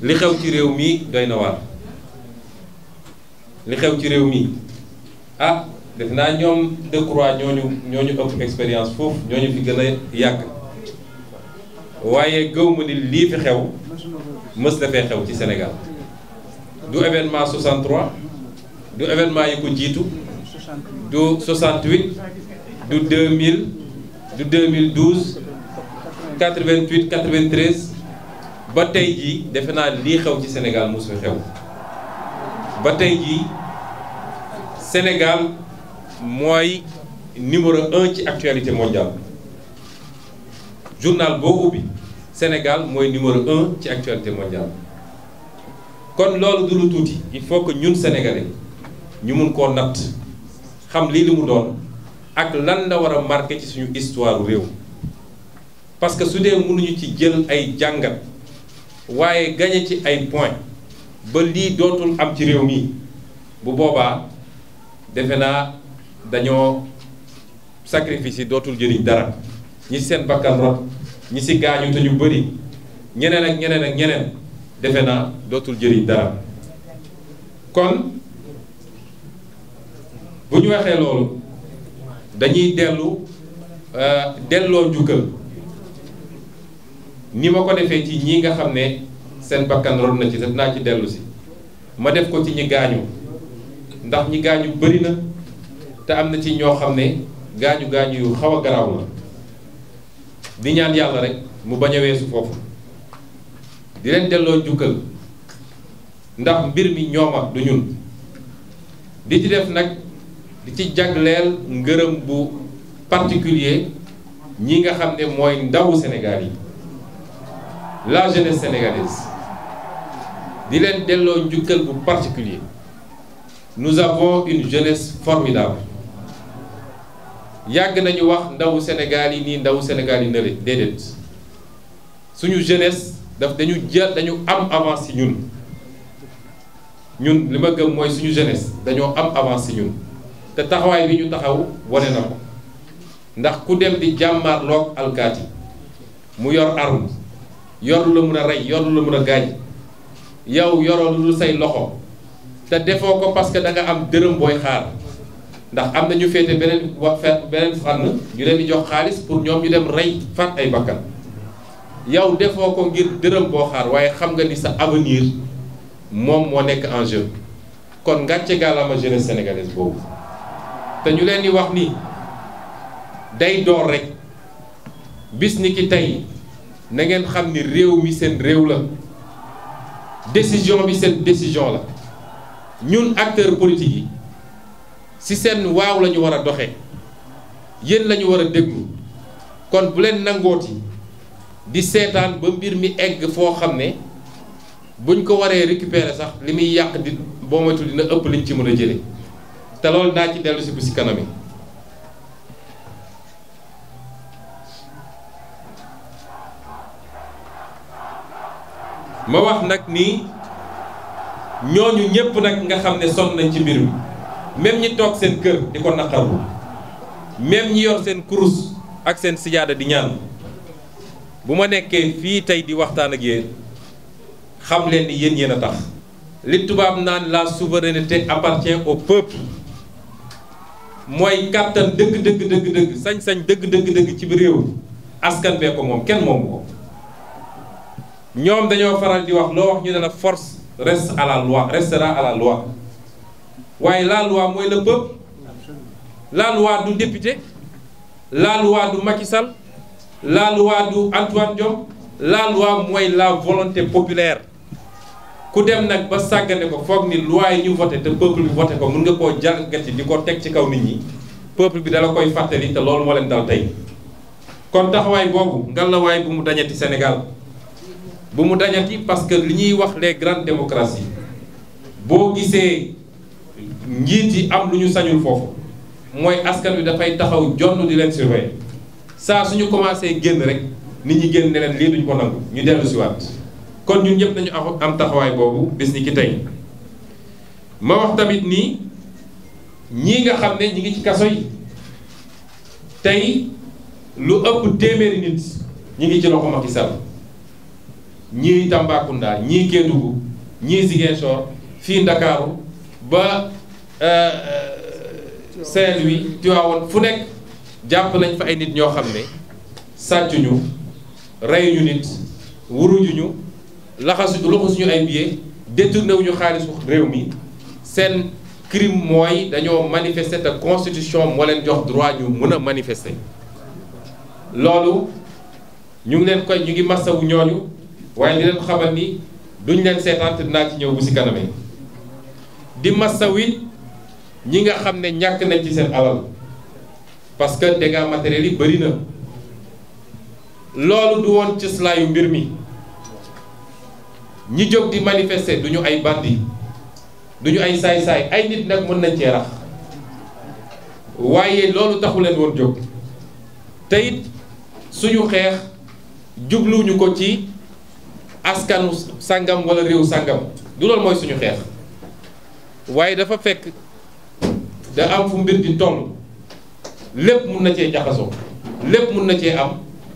li xew ci réew mi doy na waar li xew ci réew mi ah def naa ñoom de croix ñooñu ñooñu ëpp expérience foofu ñooñu fi gën a yàgg waaye gëw ma ni lii fi xew mës dafee xew ci Sénégal du événement 63 du événement yi ko jiitu du 68 du 2000 du 2012 88 93 ba tey jii defe naa lii xew ci Sénégal mosu xew ba tey jii Sénégal mooy numéro un ci actualité mondial journal boo ubbi Sénégal mooy numéro un ci actualité mondiale kon loolu du tuuti il faut que ñun sénégalais ñu mun koo natt xam lii li mu doon ak lan la war a marqué ci suñu histoire réew parce que su dee mënuñu ci jël ay jàngat waaye gañe ci ay point ba lii dootul am ci réew mi bu boobaa defe naa dañoo sacrifice yi dootul jëriñ dara ñi seen bakkan rot ñi si gaañu te ñu ñeneen ak ñeneen ak ñeneen defe naa dootul jëriñ dara kon bu ñu waxee loolu dañuy dellu euh, delloo njukkal ni ma ko defee ci ñi nga xam ne seen bakkan rod na ci def naa ci dellusi ma def ko ci ñi gaañu ndax ñi gaañu bëri na te am na ci ñoo xam ne gaañu gaañu yu xaw a la di ñaan yàlla rek mu bañ a weesu foofu di leen delloo jukkal ndax mbir mi ñooma du ñun di ci def nag di ci jagleel ngërëm bu particulier ñi nga xam ne mooy ndawu Sénégal yi la jeunesse sénégalaise di leen delloo njukkal bu particulier nous avons une jeunesse formidable yàgg nañu wax ndawu Sénégal yi nii ndawu Sénégal yi nële déedéet suñu jeunesse daf dañu jël dañu am avance ci ñun ñun li ma gëm mooy suñu jeunesse dañoo am avance ci ñun te taxawaay bi ñu taxaw wone na ko ndax ku dem di jàmmaarloog alkaati mu yor arme yor lu la mun a rey yor lu la mun a gaañ yow yoroo lu say loxo te defoo ko parce que da nga am dërëm booy xaar ndax am na ñu féete beneen wa beneen fànn ñu leen di jox xaalis pour ñoom ñu dem rey faat ay bakkan yow defoo ko ngir dërëm boo xaar waaye xam nga ni sa avenir moom moo nekk en jeu kon ngàcce gàllama jeunesse sénégalaise boobu te ñu leen di wax ni day door rek bis ni ki tey na ngeen xam ni réew mi seen réew la décision bi seen décision la ñun acteurs politiques yi ci seen waaw lañu ñu war a doxee yéen la war a déglu kon bu leen nangooti di seetaan ba mbir mi egg foo xam ne buñ ko waree récupérer sax li muy yàq di boo moytu dina ëpp liñ ci mën a jëlee te loolu naa ci dellu si bu si kanam yi ma wax nag nii ñooñu ñëpp nag nga xam ne sonn nañ ci mbir mi ñi toog seen kër di ko naqarlu même ñi yor seen kurus ak seen sijaada di ñaan bu ma nekkee fii tey di waxtaan ak yéen xam leen ni yéen yéen a tax li tubaab naan la te appartient au pëpp mooy kàttan dëgg dëgg dëgg dëgg sañ-sañ dëgg dëgg dëgg ci bi réew askan bee ko moom kenn moomu ko ñoom dañoo faral di wax loo wax ñu ne la force reste à la loi restera à loi waaye la loi mooy le peuple la loi du député la loi du Macky Sall la loi du Antoine Diome la loi mooy la volonté populaire ku dem nag ba sàggane ko foog ni loi yi ñu voté te peuple bi voté ko mun nga koo jalgati di ko teg ci kaw nit ñi peuple bi dala koy fàttali te loolu moo leen dal tey kon taxawaay boobu ngalawaay bi mu dañati senegal bu mu dajati parce que li ñuy wax les grandes démocraties boo gisee njiit yi am lu ñu sañul foofu mooy askan wi dafay taxaw jonn di leen surveiller saa suñu commencé génn rek nit ñi génn ne leen lii duñ ko nangu ñu dellu si waat kon ñun ñëpp nañu am taxawaay boobu bis ni ki tey ma wax tamit nii ñi nga xam ne ñi ngi ci kaso yi tey lu ëpp téeméeri nit ñi ngi ci loxo Macky Sall ñii Tambacounda ñii Kédougou ñii Ziguinchor fii Ndakaaru ba euh, Saint-Louis Tivaouane fu nekk jàpp nañ fa ay nit ñoo xam ne sàccuñu reyuñu nit wurujuñu laxasu laxasuñu ay billets détourné xaalisu réew mi seen crime mooy dañoo manifeste te constitution moo leen jox droit ñu mën a manifester loolu ñu ngi leen koy ñu ngi wu ñooñu waaye di leen xamal ni duñ leen seetaan te dinaa ci ñëw bu si kanamee di masawi ñi nga xam ne ñàkk nañ ci seen alal parce que dégâts matériels yi bari na loolu du woon cëslaayu mbir mi ñi jóg di manifester duñu ay bandi duñu ay saay-saay ay nit nag mën nañ cee rax waaye loolu taxu leen woon jóg te suñu xeex jubluwuñu ko ci askanu sàngam wala réew sàngam du loolu mooy suñu xeex waaye dafa fekk da am fu mbir di toll lépp mun na cee jaxasoo lépp mun na cee am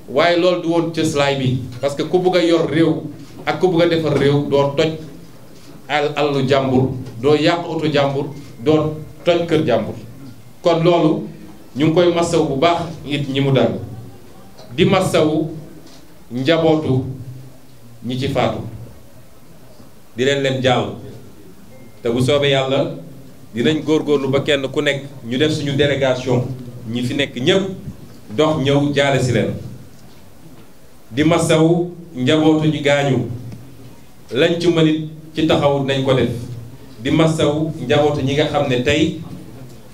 waaye loolu du woon cëslaay bi parce que ku bëgg a yor réew ak ku bëgg a defar réew doo toj al allu jàmbur doo yàq oto jàmbur doo toj kër jàmbur kon loolu ñu ngi koy massaw bu baax it ñi mu dal di massawu njabootu ñi ci faatu di leen leen jàll te bu soobee yàlla dinañ góor góorgóorlu ba kenn ku nekk ñu def suñu délégation ñi fi nekk ñépp dox ñëw jaale si leen di masaw njabootu ñu gaañu lañ ci mën it ci nañ ko di masaw njabootu ñi nga xam ne tey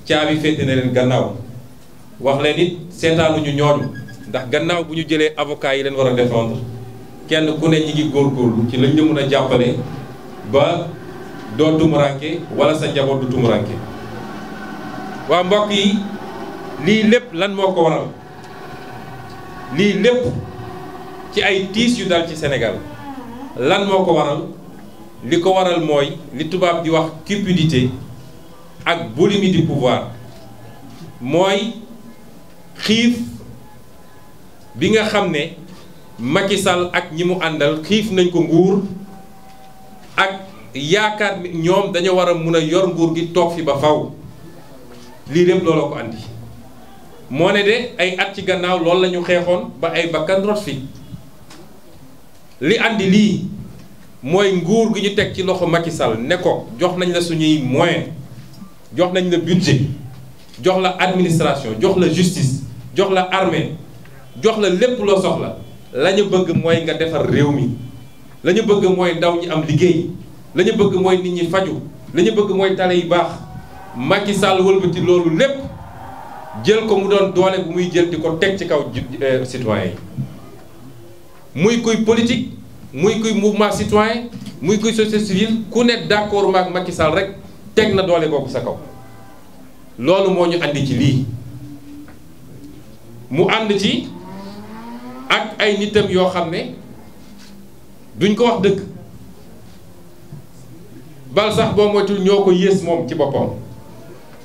caabi féete na leen gannaaw wax leen it seetaanuñu ñooñu ndax gannaaw bu ñu jëlee avocat yi leen war a défendre kenn ku ne ñi ngi góorgóorlu ci lañ la mën a jàppale ba doo tumuranke wala sa njaboot du tumuranke waa mbokk yi lii lépp lan moo ko waral lii lépp ci ay tiis yu dal ci senegal lan moo ko waral li ko waral mooy li tubaab di wax cupidité ak boulimie du pouvoir mooy xiif bi nga xam ne Macky Sall ak ñi mu àndal xiif nañ ko nguur ak yaakaar ni ñoom dañoo war a mun a yor nguur gi toog fi ba faw lii lépp looloo ko andi moo ne de ay at ci gannaaw lool lañu xeexoon ba ay bakkan rot fi li àndi lii mooy nguur gi ñu teg ci loxo Macky Sall ne ko jox nañ la suñuy moyen jox nañ la budget jox la administration jox la justice jox la armée jox la lépp loo soxla la bëgg mooy nga defar réew mi la bëgg mooy ndaw ñi am liggéey la ñu bëgg mooy nit ñi faju la bëgg mooy tale yu baax Macky Sall wëlbati loolu lépp jël ko mu doon doole bu muy jël di ko teg ci kaw euh, citoyen yi muy kuy politique muy kuy mouvement citoyen muy kuy société civile ku ne d'accord maak Macky Sall rek teg na doole kooku sa kaw loolu moo ñu andi ci lii mu ànd ci ak ay nitam yoo xam ne duñ ko wax dëkk bal sax boo moytul ñoo ko yées moom ci boppam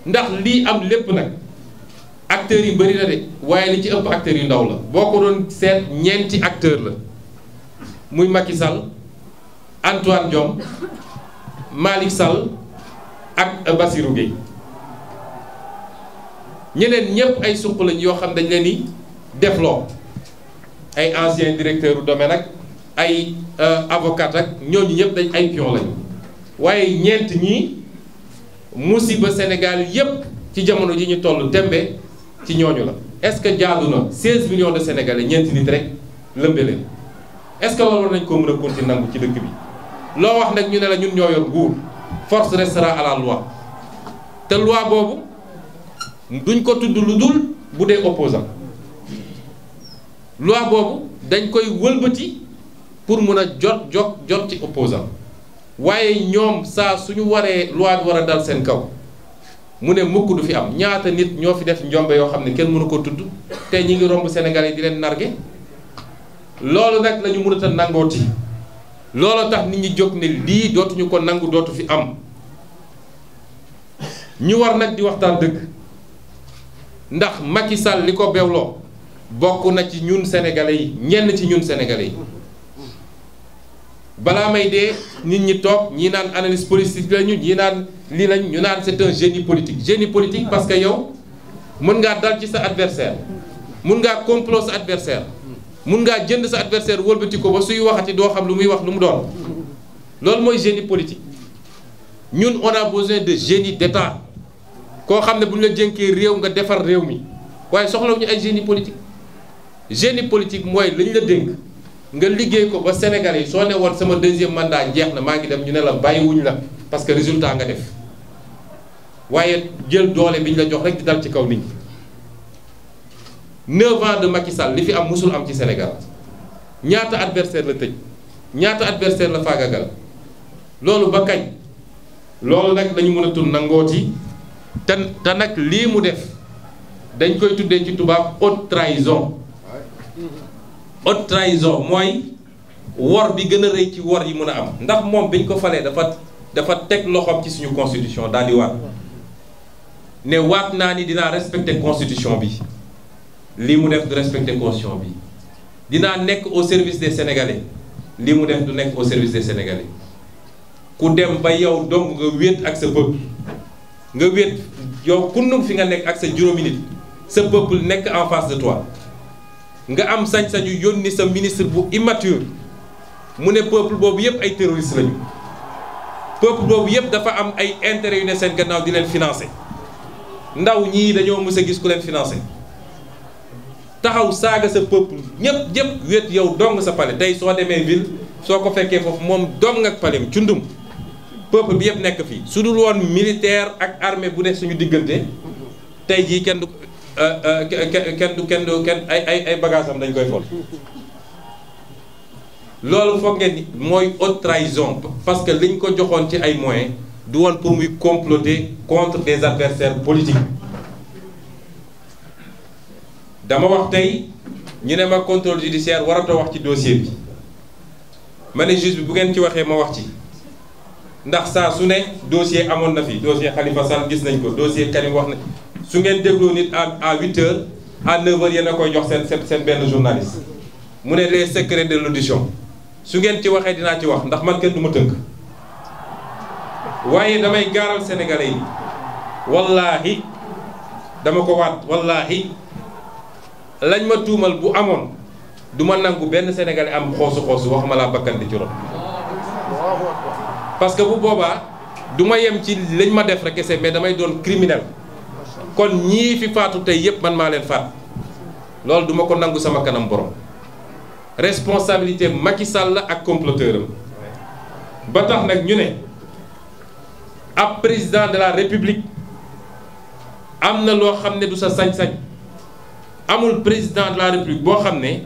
ndax lii am lépp nag acteurs yi bari na de waaye li ci ëpp acteurs yu ndaw la boo ko doon seet ñeenti acteur la muy Macky Sall Antoine Diome Malick sal ak Bassirou Gueye ñeneen ñépp ay suq lañ yoo xam ne dañ leen ni defloo ay ancien directeur du domaine ak ay euh, avocat ak ñooñu ñëpp dañ ay pion lañu waaye ñeent ñi musiba senegal yépp ci jamono ji ñu toll tembe ci ñooñu la est-ce que jaadu na 16 millions de sénégalais ñeenti nit rek lëmbe leen est-ce que loolu nañ ko mën a continuer nangu ci dëkk bi loo wax nag ñu ne la ñun ñoo yor nguur force restera à la loi te loi boobu duñ ko tudd lu dul bu dee opposant loi boobu dañ koy wëlbati pour mën a jot jot jot ci opposant waaye ñoom saa su ñu waree loi bi war a dal seen kaw mu ne mukk du fi am ñaata nit ñoo fi def njombe yoo xam ne kenn mënu ko tudd te ñi ngi romb Sénégal yi di leen narge loolu nag la ñu mënut a nangooti loolu tax nit ñi jóg ne lii dootuñu ko nangu dootu fi am ñu war nag di waxtaan dëgg ndax Macky Sall li ko beewloo bokk na ci ñun sénégalais yi ñenn ci ñun sénégalais yi balaa may dee nit ñi toog ñi naan analyse politique lañu ñi naan lii nañ ñu naan c'est un génie politique génie politique parce que yow mën ngaa dal ci sa adversaire mun ngaa complot sa adversaire mën ngaa jënd sa adversaire wëlbati ko ba suy waxati doo xam lu muy wax lu mu doon loolu mooy génie politique ñun on a besoin de génie d'état koo xam ne bu ñu la jënkee réew nga defar réew mi waaye soxlawuñu ay génie politique génie politique mooy lañu la dénk nga liggéey ko ba Sénégal yi soo ne woon sama deuxième mandat jeex na maa ngi dem ñu ne la bàyyiwuñ la parce que résultat nga def waaye jël doole bi ñu la jox rek di dal ci kaw nit ñi. neuf ans de Macky li fi am musul am ci Sénégal ñaata adversaire la tëj ñaata adversaire la fagagal loolu ba kañ loolu nag lañu mën a tun nangooti te te nag lii mu def dañ koy tuddee ci tubaab haute trahison. haute trahison mooy wor bi gën a rëy ci wor yi mun a am ndax moom biñ ko falee dafa dafa teg loxoom ci suñu constitution daal di waat ne waat naa ni dinaa respecter constitution bi lii mu def du respecter constitution bi dinaa nekk au service des sénégalais lii mu def du nekk au service des sénégalais ku dem ba yow dong nga wéet ak sa peuple nga wéet yow kunnum fi nga nekk ak sa juróomi nit sa peuple nekk en face de toi. nga am sañ-sañu yónni sa ministre bu immature mu ne peuple boobu yëpp ay terroriste lañu peuple boobu yëpp dafa am ay intérêt yu ne seen gannaaw di leen financé ndaw ñii dañoo mës a gis ku leen financé taxaw saaga sa peuple ñëpp ñëpp wéet yow dong sa palais tey soo demee ville soo ko fekkee foofu moom dong ak palais cundum peuple bi yëpp nekk fii su dul woon militaire ak armée bu ne suñu diggante tey jii kenn Euh, euh, kenn du kenn du kenn ay ay ay bagages am dañ koy fol loolu foog ngeen mooy haute trahison parce que liñ ko joxoon ci ay moyens du woon pour muy comploter contre des adversaires politiques dama wax tey ñu ne ma contrôle judiciaire waratoo wax ci dossier bi ma ne juge bi bu ngeen ci waxee ma wax ci ndax saa su ne dossier amoon na fi dossier Khalifa Sall gis nañ ko dossier Karim wax na su ngeen dégloo nit à à huit heures à neuf heures yéen a koy jox seen seen benn journaliste mu ne les secrets de l'audition su ngeen ci waxee dinaa ci wax ndax man kenn du ma tënk waaye damay gaaral sénégalais yi wallaahi dama ko waat wallaahi lañ ma tuumal bu amoon du ma nangu benn sénégalais am xoosu xoosu ma laa bakkan di ci ron parce que bu boobaa du ma yem ci lañ ma def rek kese mais damay doon criminel kon ñii fi faatu tey yépp man maa leen faat loolu duma ko nangu sama kanam borom responsabilité Macky Sall la ak comploteur am ba tax nag ñu ne ab président de la république am na loo xam ne du sa sañ-sañ amul président de la république boo xam ne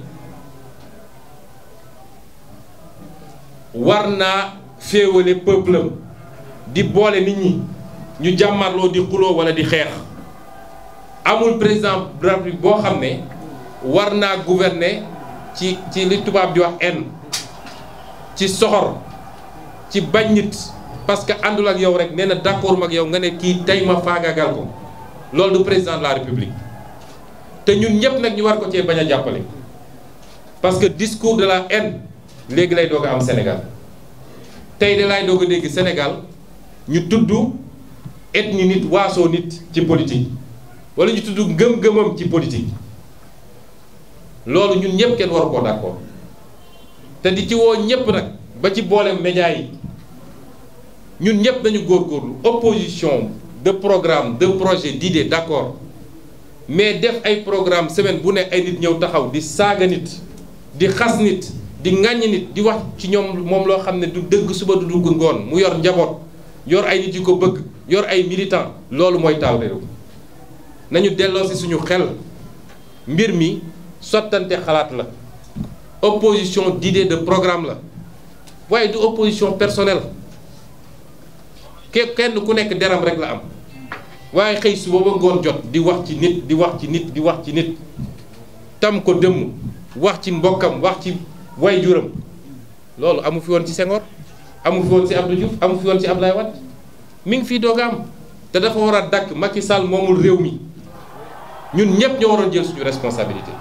war naa féewale peuple di boole nit ñi ñu jàmmarloo di xuloo walla di xeex amul président de la boo xam ne war naa gouverner ci ci li tubaab bi wax haine ci soxor ci bañ nit parce que àndul ak yow rek nee na d'accord ak yow nga ne kii tey ma faagagal ko loolu du président la République te ñun ñëpp nag ñu war ko cee bañ a jàppale parce que discours de léegi lay doog a am Sénégal tey de lay doog a dégg Sénégal ñu tudd ethnie nit waasoo nit ci politique. wala ñu tudd gëm gëmam ci politique loolu ñun ñëpp kenn waru koo d'accord te di ci woo ñëpp nag ba ci booleem média yi ñun ñëpp nañu góorgóorlu opposition de programme de projet d'idée d'accord mais def ay programme semaine bu ne ay nit ñëw taxaw di saaga nit di xas nit di ŋàññ nit di wax ci ñoom moom loo xam ne du dëgg suba du dugg ngoon mu yor njaboot yor ay nit yu ko bëgg yor ay militant loolu mooy taal réew nañu delloo si suñu xel mbir mi sottante xalaat la opposition d'idée de programme la waaye du opposition personnel ke kenn ku nekk deram rek la am waaye xëy suba ba ngoon jot di wax ci nit di wax ci nit di wax ci nit tam ko dëmm wax ci mbokkam wax ci waajuram loolu amu fi woon ci Senghor amu fi woon ci Abdou Diouf amu fi woon ci Abdoulaye Wade mi ngi fi doog te dafa war a dàkk Macky Sall moomul réew mi ñun ñëpp ñoo waroon jël suñu responsabilité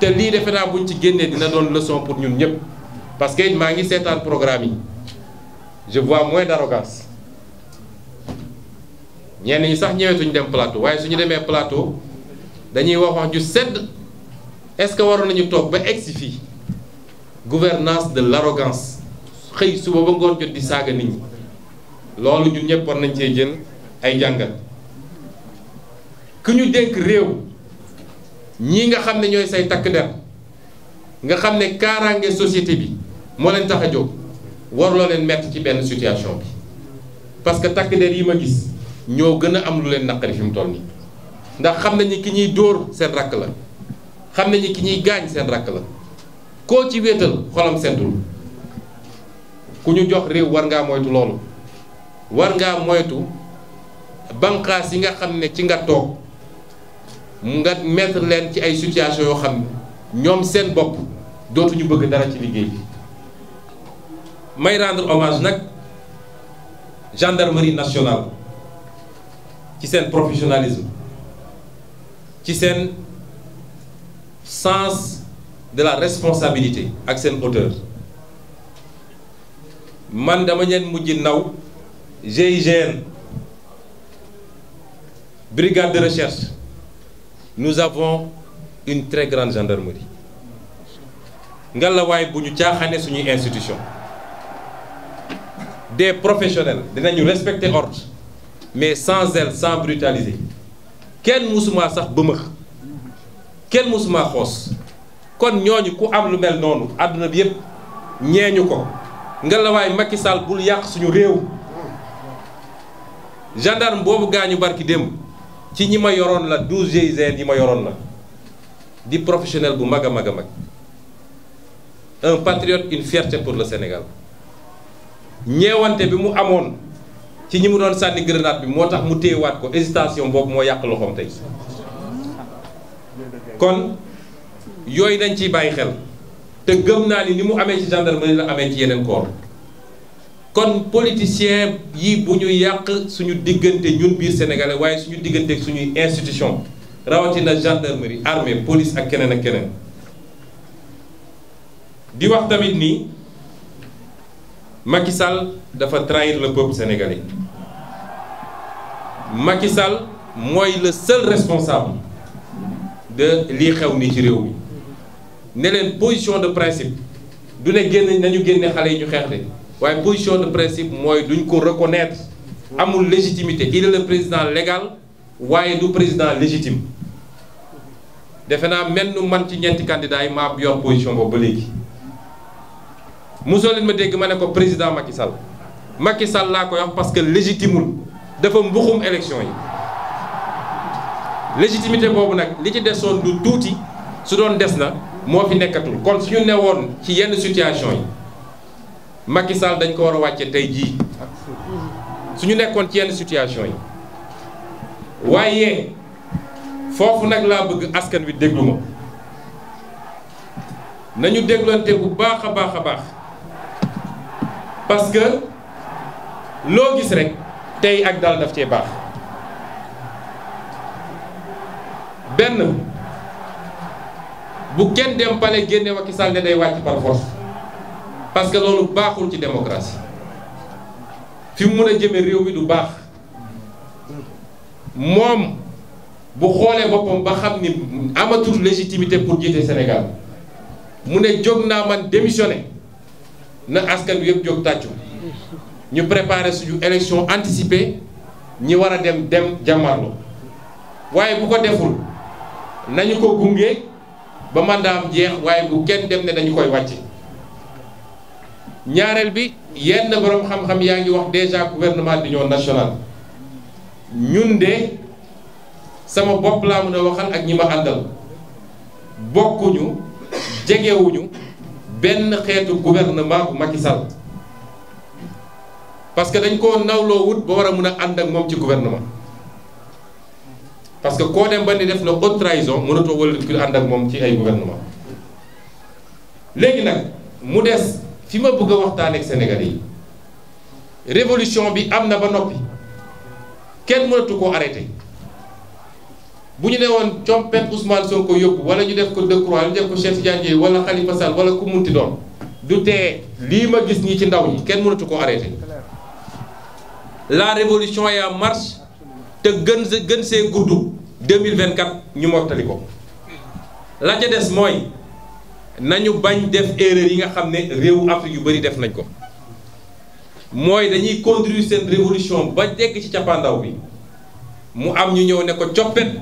te lii defe naa buñ ci génnee dina doon leçon pour ñun ñëpp parce que maa ngi seetaan programme yi je vois moins d'arrogance ñeen ñi sax ñëwetuñ dem plateau waaye suñu demee plateau dañuy wax wax ju sedd est-ce que waroon nañu toog ba egsi fii gouvernance de l'arrogance xëy suba ba ngoon jot di saaga nit ñi loolu ñun ñëpp war nañ cee jël ay jàngat ku ñu dénk réew ñii nga xam ne ñooy say takk der nga xam ne kaaraange société bi moo leen tax a jóg warloo leen mettre ci benn situation bi parce que takk der yi ma gis ñoo gën a am lu leen naqari fi mu toll nii ndax xam nañu ki ñuy dóor seen rakk la xam nañu ki ñuy gaañ seen rakk la koo ci wéetal xolam seddul ku ñu jox réew war ngaa moytu loolu war ngaa moytu banqaas yi nga xam ne ci nga toog nga mettre leen ci ay situation yoo xam ne ñoom seen bopp dootuñu bëgg dara ci liggéey bi may rendre hommage nag gendarmerie nationale ci seen professionnalisme ci seen sens de la responsabilité ak seen hauteur man dama leen mujj naw GIGN brigade de recherche nous avons une très grande gendarmerie ngalawaay bu ñu caaxaane suñuy institution des professionnels dinañu respecter ordre mais sans zèle sans brutaliser kenn mësumaa sax bëmëx kenn mësumaa xoos kon ñooñu ku am lu mel noonu àdduna bi yépp ñeeñu ko ngalawaay Macky Sall bul yàq suñu réew gendarme boobu ñu barki démb ci ñi ma yoroon la dous 12 GIGN yi ma yoroon la di professionnel bu mag a mag a mag un patriote une pour le Sénégal ñeewante bi mu amoon ci ñi mu doon sànni grenade bi moo tax mu téyewaat ko hésitation boobu moo yàq loxoom tey kon yooyu dañ ciy bàyyi xel te gëm naa ni ni mu amee ci gendarmerie la amee ci yeneen corps. kon politicien yi bu ñu yàq suñu diggante ñun biir sénégalais waaye suñu diggante ak suñuy institution rawatina gendarmerie armée police ak keneen ak keneen di wax tamit nii Macky Sall dafa trahir le peuple sénégalais Macky Sall mooy le seul responsable de lii xew ni ci réew mi ne leen position de principe du ne génn nañu génne xale yi ñu xeex de waaye position de principe mooy duñ ko reconnaître amul légitimité il est le président légal waaye du président légitime defe naa mel nu man ci ñeenti candidats yi maa yor position boobu ba léegi mosoo leen ma dégg ma ne ko président Macky Sall Macky Sall laa koy wax parce que légitimul dafa mbuxum élection yi légitimité boobu nag li ci desoon du tuuti su doon des na moo fi nekkatul kon suñu newoon ci yenn situation yi Macky Sall dañ ko war a wàcce tey jii suñu nekkoon ci yenn situation yi waaye foofu nag laa bëgg askan wi déglu nañu déglante bu baax a baax a baax parce que loo gis rek tey ak dal daf cee baax benn bu kenn dem pale génne Macky ne day wàcc par force parce que loolu baaxul ci démocratie fi mu mën a jëme réew mi du baax moom bu xoolee boppam ba xam ni amatul légitimité pour jiite Sénégal mu ne jóg naa man démissionné na askan wi yëpp jóg tàccu ñu préparer suñu élection anticipée ñi war a dem dem jàmmarlo waaye bu ko deful nañu ko gunge ba mandaam jeex waaye bu kenn dem ne dañu koy wàcce ñaareel bi yenn borom xam-xam yaa ngi wax déjà gouvernement d'union nationale ñun de sama bopp laa mën a waxal ak ñi ma àndal bokkuñu jegewuñu benn xeetu gouvernement bu Macky Sall parce que dañ koo nawloo wut ba war a mën a ànd ak moom ci gouvernement parce que koo dem ba ni def na haute trahison mënatoo wëlbatiku ànd ak moom ci ay gouvernement léegi nag mu des. fi ma bëgg a waxtaan ak Sénégalais yi révolution bi am na ba noppi kenn mënatu koo arrêté bu ñu ne woon compet Ousmane Sonko yóbbu wala ñu def ko Decroix wala ñu def ko Cheikh Tidiane Dièye wala Khalifa Sall ku munti doon du tee lii ma gis ñi ci ndaw ñi kenn mënatu ko arrêté la révolution est en marche te gën gën see gudd 2024 ñu mottali ko la ca des mooy nañu bañ def erreur yi nga xam ne réewu Afrique yu bëri def nañ ko mooy dañuy conduire seen révolution ba dégg ci cappaandaw bi mu am ñu ñëw ne ko coppet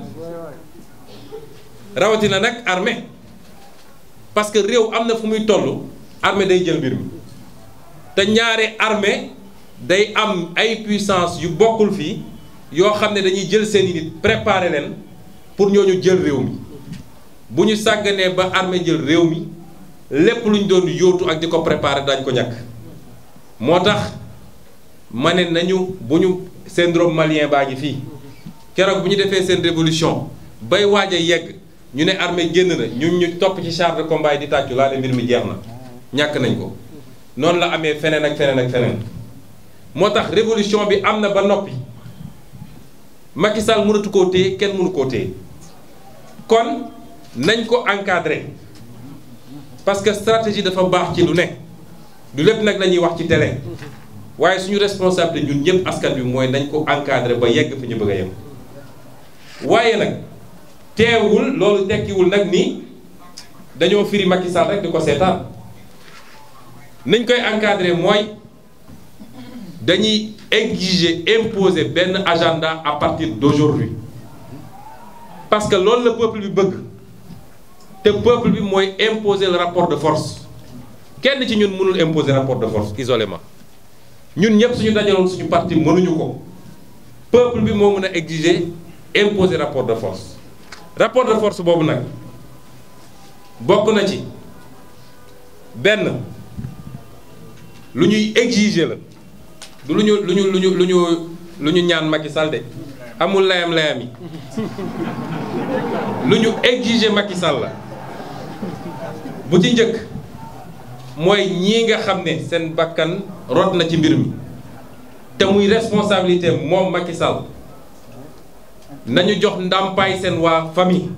rawatina nag armée parce que réew am na fu muy toll armée day jël mbir mi te ñaare armée day am ay puissance yu bokkul fii yoo xam ne dañuy jël seen i nit préparer leen pour ñooñu jël réew mi bu ñu sàgganee ba armée jël réew mi lépp lu ñu doon yóotu ak di ko préparer daañu ko ñàkk moo tax ma ne nañu bu ñu seen syndrome malien baa ngi fii keroog bu ñu defee seen révolution bay waaj yegg ñu ne armée génn na ñun ñu topp ci char de yi di tàccu laa ne mbir mi jeex na ñàkk nañ ko noonu la amee feneen ak feneen ak feneen moo tax révolution bi am na ba noppi Macky Sall mënatu koo téye kenn mënu koo téye kon nañ ko encadrer parce que stratégie dafa baax ci lu nekk lu lépp nag la ñuy wax ci télé waaye suñu responsabilité ñun ñëpp askan bi mooy nañ ko encadrer ba yegg fi ñu bëgg a yem waaye nag teewul loolu tekkiwul nag nii dañoo firi Macky Sall rek di ko seetaan nañ koy encadrer mooy dañuy exiger imposer benn agenda à partir d'aujourd'hui parce que loolu la peuple bi bëgg te peuple bi mooy imposer le rapport de force kenn ci ñun mënul imposer rapport de force isolément ñun ñëpp suñu dajaloon suñu parti mënuñu ko peuple bi moo mën a exiger imposer rapport de force rapport de force boobu nag bokk na ci benn lu ñuy exiger la lu ñu lu ñu lu ñu lu ñu lu ñu ñaan Macky Sall de amul layam layam yi lu ñu exiger Macky Sall la bu ci njëkk mooy ñii nga xam ne seen bakkan rot na ci mbir mi te muy responsabilité moom Macky Sall nañu jox ndàmpaay seen waa famille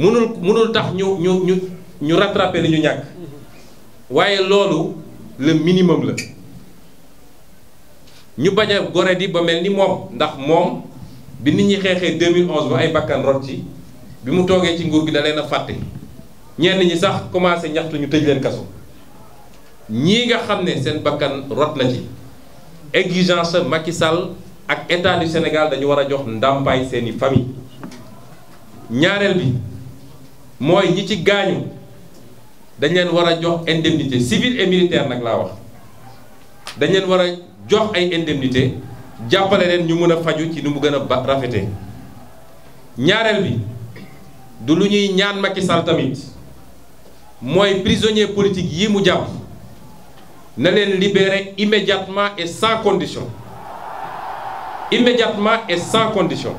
mënul mënul tax ñu ñu ñu ñu rattraper li ñu ñàkk waaye loolu le minimum la ñu bañ a gore di ba mel ni moom ndax moom bi nit ñi xeexee 2011 ba ay bakkan rot ci bi mu toogee ci nguur gi da leen a fàtte ñeen ñi sax commencé ñaxtu ñu tëj leen kaso ñii nga xam ne seen bakkan rot na ci exigence Macky Sall ak état du Sénégal dañu war a jox ndàmpaay seeni famille ñaareel bi mooy ñi ci gaañu dañ leen war a jox indemnité civile et militaire nag laa wax dañ leen war a jox ay indemnité jàppale leen ñu mën a faju ci li mu gën a ba rafetee ñaareel bi du lu ñuy ñaan Macky Sall tamit mooy prisonnier politique yi mu jàpp na leen libérer immédiatement et sans condition immédiatement et sans condition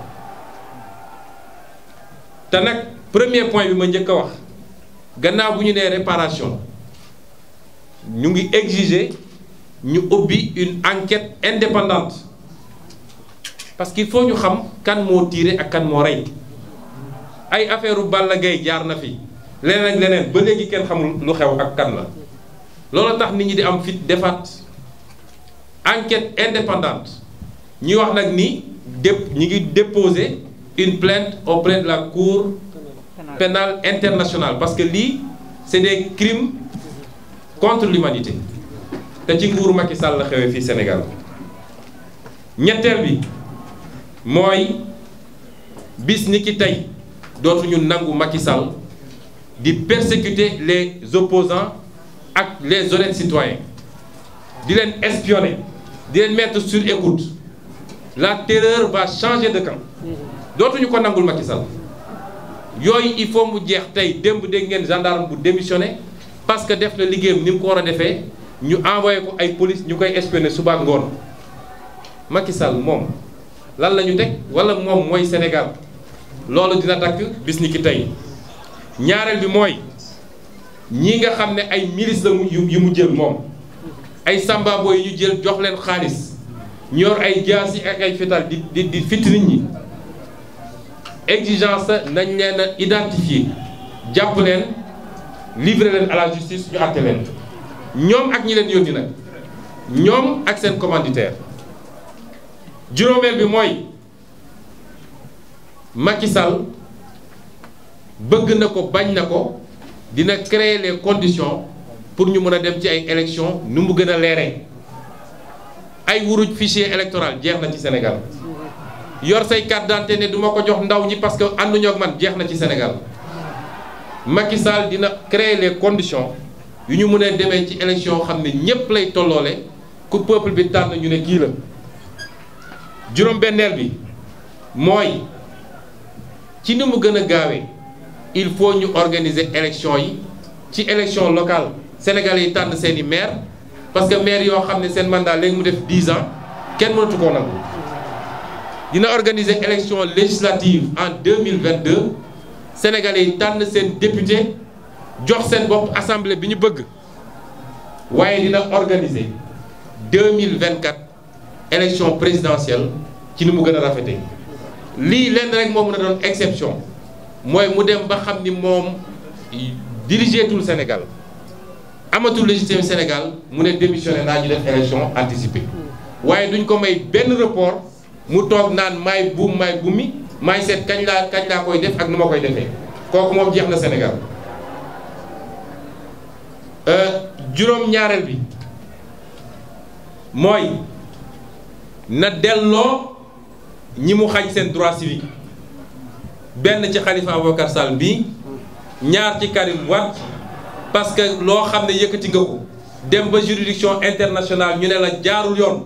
te nag premier point bi ma njëkk a wax gannaaw bu ñu nee réparation ñu ngi exiger ñu ubbi une enquête indépendante parce qu'il faut ñu xam kan moo tiire ak kan moo rey ay affaire Balla Gaye jaar na fi leneen ak leneen ba léegi kenn xamul lu xew ak kan la loolu tax nit ñi di am fit defaat enquête indépendante ñuy wax nag ni dép ñi ngi déposer une plainte auprès la cour pénale internationale parce que lii c'est des crimes contre l'humanité te ci nguuru Macky Sall la xewee fii senegal ñetteel bi mooy bis ni tey dootuñu nangu Macky Sall di persécuter les opposants ak les honnêtes citoyens di leen espionner di leen mettre sur écoute la terreur va changé de camp dootuñu ko nangul Macky Sall yooyu il faut mu jeex tey démb dégg ngeen gendarme bu démissionné parce que def la liggéeyam ni mu ko war a defee ñu envoyé ko ay police ñu koy espionné suba ngoon makisal moom lan la ñu teg wala moom mooy Sénégal loolu dina takk bis ni ki tey ñaareel bi mooy ñii nga xam ne ay milice la yu mu jël moom ay sambabo yi ñu jël jox leen xaalis ñor ay jaas yi ak ay fital di di fitt nit ñi exigence nañ leen a identifier jàpp leen livrer leen à justice ñu àtte leen ñoom ak ñi leen yónni nag ñoom ak seen commanditaire juróomeel bi mooy Macky Sall bëgg na ko bañ na ko dina créer les conditions pour ñu mën a dem ci ay élections ni mu gën a leeree ay wuruj fichier électoral jeex na ci senegal yor say carte d'identité ne du ma ko jox ndaw ñi parce que ànduñu ak man jeex na ci senegal Macky Sall dina créer les conditions yu ñu mën a demee ci élection xam ne ñépp lay tolloole ku peuple bi tànn ñu ne kii la juróom-benneel bi mooy ci ni mu gën a gaawee il faut ñu organiser élection yi ci élection locale sénégal yi tànn seen i maire parce que maire yoo xam ne seen mandat léegi mu def 10 ans kenn mënatu koo nangu dina organiser élection législative en 2022 sénégalais yi tànn seen député jox seen bopp assemblée bi ñu bëgg waaye dina organiser 2024 élection présidentielle ci ni mu gën a rafetee lii lenn rek moo mën a doon exception mooy mu dem ba xam ni moom dirigé tul Sénégal amatul légitime Sénégal mu ne démissionné naa ñu def élection anticipée waaye duñ ko may benn report mu toog naan may buum maay bumi maay seet kañ laa kañ laa koy def ak nu ma koy defee kooku moom jeex na Sénégal euh, juróom-ñaareel bi mooy na delloo. ñi mu xañ seen droit civique benn ci Khalifa Ababacar Sall bi ñaar ci Karim Wade parce que loo xam ne yëkkati nga ko dem ba juridiction internationale ñu ne la jaarul yoon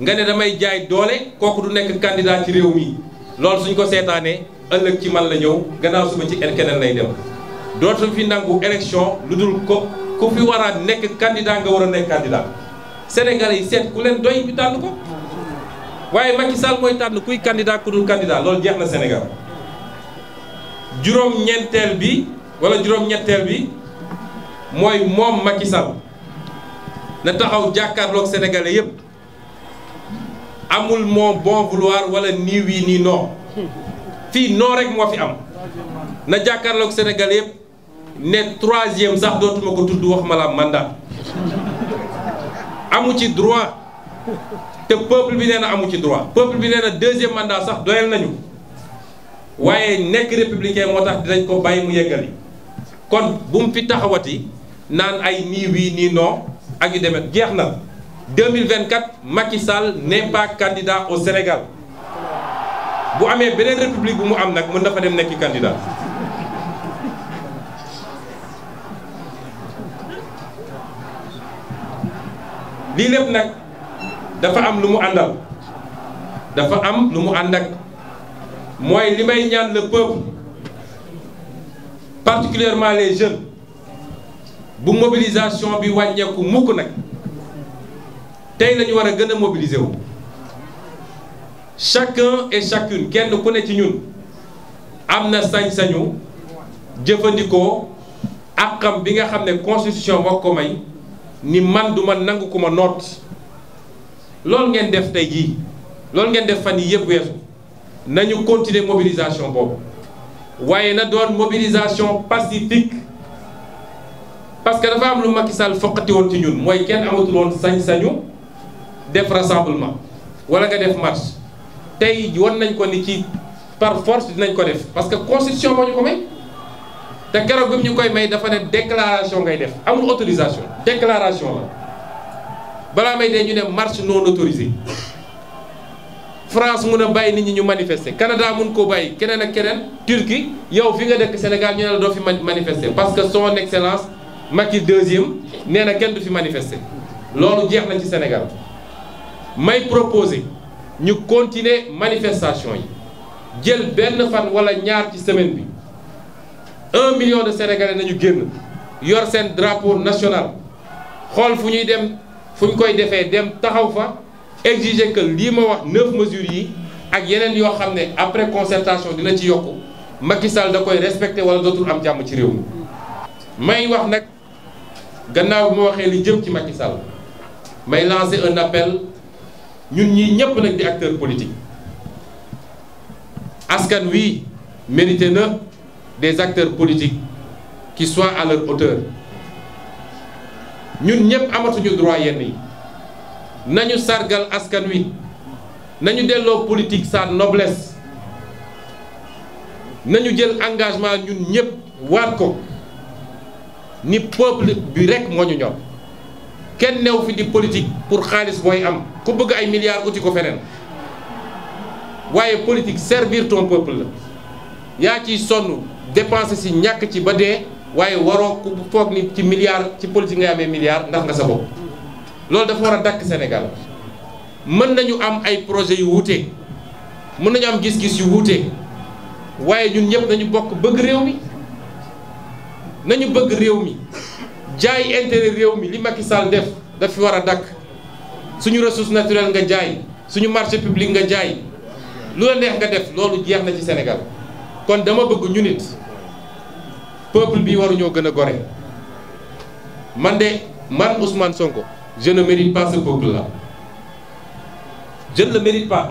nga ne damay jaay doole kooku du nekk candidat ci réew mi loolu suñ ko seetaanee ëllëg ci man la ñëw gannaaw suba ci keneen lay dem dootu fi nangu élection lu dul ko ku fi war a nekk candidat nga war a nekk candidat Sénégalais yi seet ku leen doy ñu ko. waaye Macky Sall mooy tànn kuy candidat ku dul candidat loolu jeex na senegal juróom-ñeenteel bi walla juróom-ñetteel bi mooy moom Macky Sall na taxaw jàkkaarloog sénégalais yépp amul mon bon vouloir wala nii yi nii non fii non rek moo fi am na jàkkaarloog sénégalais yépp ne troisième sax dootuma ko tudd wax ma la mandat ci droit. te peuple bi nee na amul ci droit peuple bi nee na deuxième mandat sax doyal nañu waaye nekk républicain moo tax dinañ ko bàyyi mu yeggali kon bu mu fi taxawati naan ay nii wii nii non ak yu demet jeex na 2024 Macky Sall n'est pas candidat au senegal bu amee beneen république bu mu am nag mën na dem nekki candidat lii lépp nag dafa am lu mu àndal dafa am lu mu ànd ak mooy li may ñaan le peuple particulièrement les jeunes bu mobilisation bi wàññeeku mukk nag tey lañu war a gën a mobiliser wu chacun et chacune kenn ku ne ci ñun am na sañ-sañu jëfandikoo àqam bi nga xam ne constitution moo ko may ni man duma nangu ku ma noot loolu ngeen def tey jii loolu ngeen def fan yi yëpp weesu nañu continuer mobilisation boobu waaye na doon mobilisation pacifique parce que dafa am lu Macky Sall foqati woon ci ñun mooy kenn amatul woon sañ-sañu def rassemblement wala nga def marche tey won nañ ko ni ci par force dinañ ko def parce que constitution moo ñu ko may te keroog bi ñu koy may dafa ne déclaration ngay def amul autorisation déclaration la balaa may dee ñu ne marche non autorisée France mun a bàyyi nit ñi ñu manifester Canada mun koo bàyyi keneen ak keneen Turquie yow fi nga dëkk Sénégal ñu la doo fi manifester parce que son excellence Macky deuxième nee na kenn du fi manifester loolu jeex na ci Sénégal may proposer ñu continuer manifestation yi jël benn fan wala ñaar ci semaine bi un million de Sénégalais nañu génn yor seen drapeau national xool fu ñuy dem. fu ñu koy defee dem taxaw fa exiger que lii ma wax neuf mesures yi ak yeneen yoo xam ne après concertation dina ci yokku Macky Sall da koy respecté wala dootul am jàmm ci réew mi may wax nag gannaaw bi ma waxee li jëm ci Macky Sall may lancer un appel ñun ñii ñëpp nag di acteur politique askan wi mérité na des acteurs politiques qui soient à leur hauteur ñun ñëpp amatuñu droit yenn yi nañu sargal askan wi nañu delloo politique sa noblesse nañu jël engagement ñun ñëpp waat ko ni peuple bi rek moo ñu ñor kenn new fi di politique pour xaalis booy am ku bëgg ay milliards uti ko feneen waaye politique servir ton peuple la yaa ciy sonn dépenser si ñàkk ci ba dee waaye waroo ku foog ni ci milliard ci politique ngay amee milliard ndax nga sa bopp loolu dafa war a dàkk senegal mën nañu am ay projet yu wuute mën nañu am gis-gis yu wuute waaye ñun ñëpp nañu bokk bëgg réew mi nañu bëgg réew mi jaay intérêt réew mi li Macky Sall def daf war a dakk suñu ressource naturelle nga jaay suñu marché public nga jaay lu la neex nga def loolu jeex na ci senegal kon dama bëgg ñu nit peuple bi waruñoo gën a gore man de man Ousmane Sonko je ne mérite pas ce peuple là je ne pas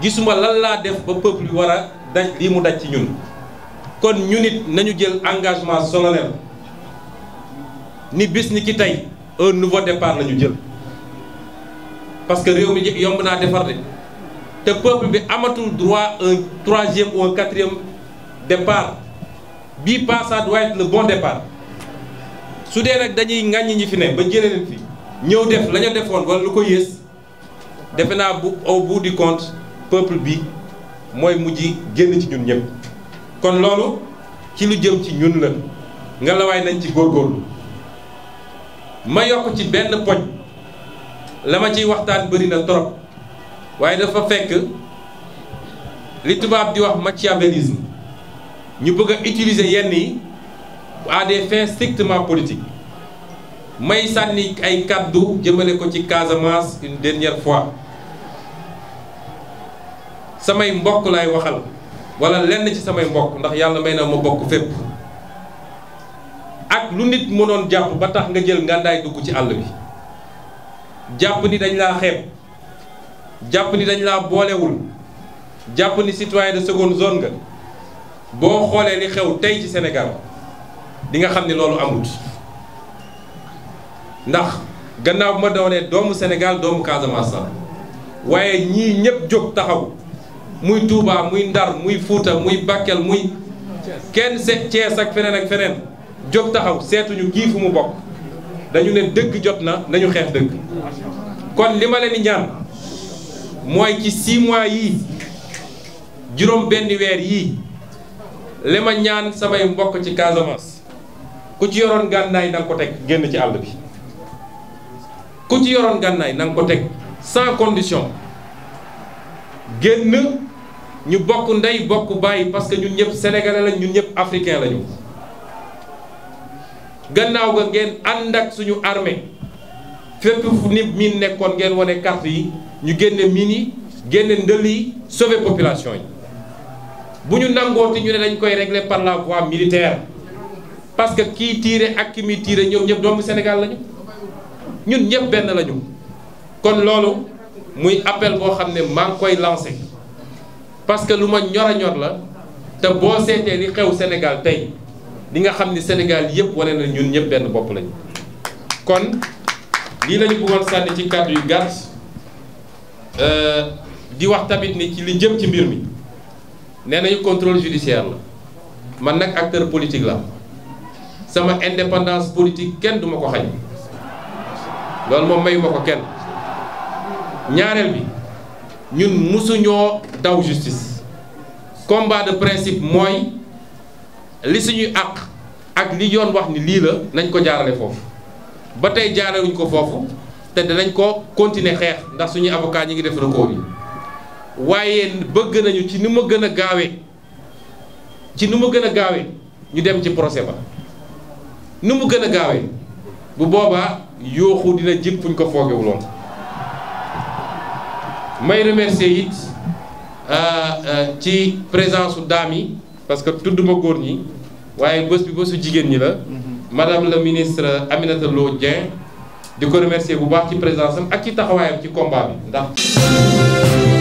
gisuma lan laa def ba peuple bi war a daj lii mu daj ci ñun kon ñu nit nañu jël engagement solennel ni bis ni ci tey un nouveau départ la ñu jël parce que réew mi yomb naa defar de te peuple bi amatul droit un troisième ou un quatrième départ bii pas ça doit être le su dee nag dañuy ŋàññi ñi fi ne ba jëlee leen fi ñëw def la ñu defoon wala lu ko yées defe naa bu au bout du compte peuple bi mooy mujj génn ci ñun ñëpp. kon loolu ci lu jëm ci ñun la ngelawaay nañ ci góorgóorlu ma yokk ci benn poñ la ma ciy waxtaan bëri na trop waaye dafa fekk li tubaab di wax machiavélisme. ñu bëgg a utilise yenn yi à des fins strictement politiques may sànni ay kàddu jëmale ko ci Casamance une dernière fois samay mbokk lay waxal walla lenn ci samay mbokk ndax yàlla may na ma bokk fépp ak lu nit mënoon jàpp ba tax nga jël ngàndaay dugg ci àll bi jàpp ni dañ laa xeeb jàpp ni dañ laa boolewul jàpp ni citoyen de seconde zone nga boo xoolee li xew tey ci senegal di nga xam ne loolu amut ndax gannaaw bu ma doonee doomu senegal doomu Casamance la waaye ñii ñëpp jóg taxaw muy Touba muy Ndar muy Fuuta muy Bakel muy kenn seet ak feneen ak feneen jóg taxaw seetuñu kii fu mu bokk dañu ne dëgg jot na nañu xeex dëgg kon li ma leen ñaan mooy ci 6 yi yii juróom benn weer yii li ma ñaan samay mbokk ci Casamance ku ci yoroon gànnaay na nga ko teg génn ci àll bi ku ci yoroon gànnaay na nga ko teg sans condition génn ñu bokk ndey bokk bàyyi parce que ñun ñëpp sénégalais lañ ñun ñëpp africain lañu gannaaw ga ngeen ànd ak suñu armée fépp fu nit miin nekkoon ngeen wane carte yi ñu génne mine yi génne ndël yi sauver yi bu ñu nangooti ñu ne dañ koy régler par la voie militaire parce que kii tiire ak ki muy tiire ñoom ñëpp doomu Sénégal lañu ñun ñëpp benn lañu kon loolu muy appel boo xam ne maa ngi koy lancé parce que lu ma ñor a ñor la te boo seetee li xew Sénégal tey li nga xam ni Sénégal yëpp wane na ñun ñëpp benn bopp lañu kon lii lañu bëggoon sànni ci kàddu yu gàtt euh, di wax tamit ni ci li jëm ci mbir mi. nee nañu contrôle judiciaire la man nag acteur politique la sama indépendance politique kenn duma ko xañ loolu moom mayuma ko kenn ñaareel bi ñun musuñoo daw justice combat de principe mooy li suñuy àq ak li yoon wax ni lii la nañ ko jaarale foofu ba tey jaarewuñ ko foofu te danañ ko continuer xeex ndax suñuy avocat ñi ngi def recours bi waaye bëgg nañu ci ni ma gën a gaawee ci ni ma gën a gaawee ñu dem ci procès ba nu mu gën a gaawee bu boobaa yooxu dina jib fuñ ko foogewuloon may remercier it euh, euh, ci présence su daam yi parce que tudd ma góor ñi waaye bés bi bésu jigéen ñi la mm-hmm. madame la ministre Aminata Lo Dieng di ko remercier bu baax ci présence am ak ci taxawaayam ci combat bi ndax